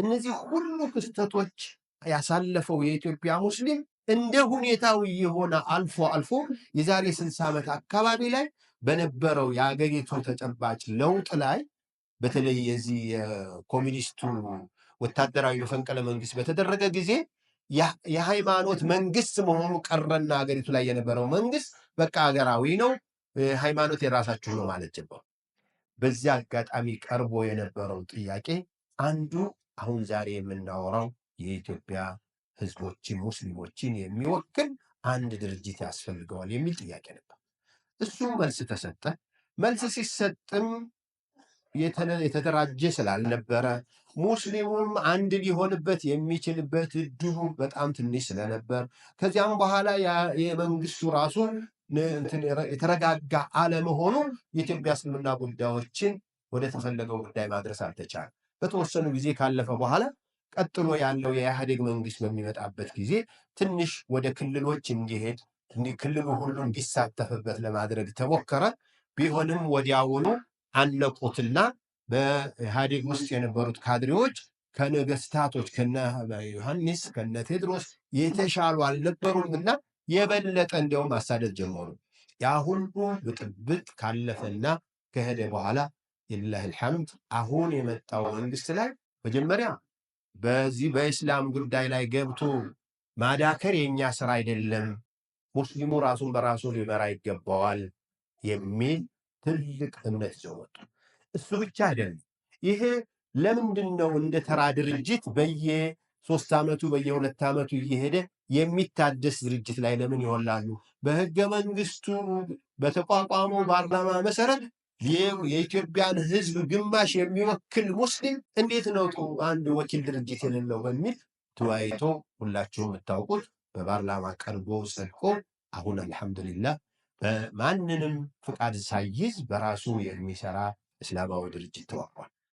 እነዚህ ሁሉ ክስተቶች ያሳለፈው የኢትዮጵያ ሙስሊም እንደ ሁኔታው የሆነ አልፎ አልፎ የዛሬ ስልሳ ዓመት አካባቢ ላይ በነበረው የአገሪቱ ተጨባጭ ለውጥ ላይ በተለይ የዚህ የኮሚኒስቱ ወታደራዊ መፈንቅለ መንግስት በተደረገ ጊዜ የሃይማኖት መንግስት መሆኑ ቀረና ሀገሪቱ ላይ የነበረው መንግስት በቃ ሀገራዊ ነው፣ ሃይማኖት የራሳችሁ ነው ማለት ጀመሩ። በዚያ አጋጣሚ ቀርቦ የነበረው ጥያቄ አንዱ አሁን ዛሬ የምናወራው የኢትዮጵያ ህዝቦችን ሙስሊሞችን የሚወክል አንድ ድርጅት ያስፈልገዋል የሚል ጥያቄ ነበር። እሱም መልስ ተሰጠ። መልስ ሲሰጥም የተደራጀ ስላልነበረ ሙስሊሙም አንድ ሊሆንበት የሚችልበት እድሉ በጣም ትንሽ ስለነበር ከዚያም በኋላ የመንግስቱ ራሱ የተረጋጋ አለመሆኑ የኢትዮጵያ እስልምና ጉዳዮችን ወደ ተፈለገው ጉዳይ ማድረስ አልተቻለ። በተወሰኑ ጊዜ ካለፈ በኋላ ቀጥሎ ያለው የኢህአዴግ መንግስት በሚመጣበት ጊዜ ትንሽ ወደ ክልሎች እንዲሄድ ክልሉ ሁሉ እንዲሳተፍበት ለማድረግ ተሞከረ። ቢሆንም ወዲያውኑ አለቁትና በኢህአዴግ ውስጥ የነበሩት ካድሬዎች ከነገስታቶች ከነ ዮሐንስ ከነ ቴድሮስ የተሻሉ አልነበሩምና የበለጠ እንዲያውም ማሳደድ ጀመሩ። ያ ሁሉ ብጥብጥ ካለፈና ከሄደ በኋላ የሊላህ ልሐምድ አሁን የመጣው መንግስት ላይ መጀመሪያ በዚህ በእስላም ጉዳይ ላይ ገብቶ ማዳከር የእኛ ስራ አይደለም፣ ሙስሊሙ ራሱን በራሱ ሊመራ ይገባዋል የሚል ትልቅ እምነት ይዘው እሱ ብቻ አይደለም። ይሄ ለምንድን ነው እንደ ተራ ድርጅት በየ ሶስት ዓመቱ በየሁለት ዓመቱ እየሄደ የሚታደስ ድርጅት ላይ ለምን ይወላሉ? በህገ መንግስቱ በተቋቋመው ፓርላማ መሰረት የኢትዮጵያን ሕዝብ ግማሽ የሚወክል ሙስሊም እንዴት ነው አንድ ወኪል ድርጅት የሌለው በሚል ተወያይቶ ሁላችሁ የምታውቁት በፓርላማ ቀርቦ ጸድቆ አሁን አልሐምዱሊላህ በማንንም ፍቃድ ሳይዝ በራሱ የሚሰራ እስላማዊ ድርጅት ተዋቅሯል።